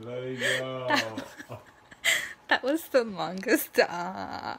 Let it go. that was the longest. Uh...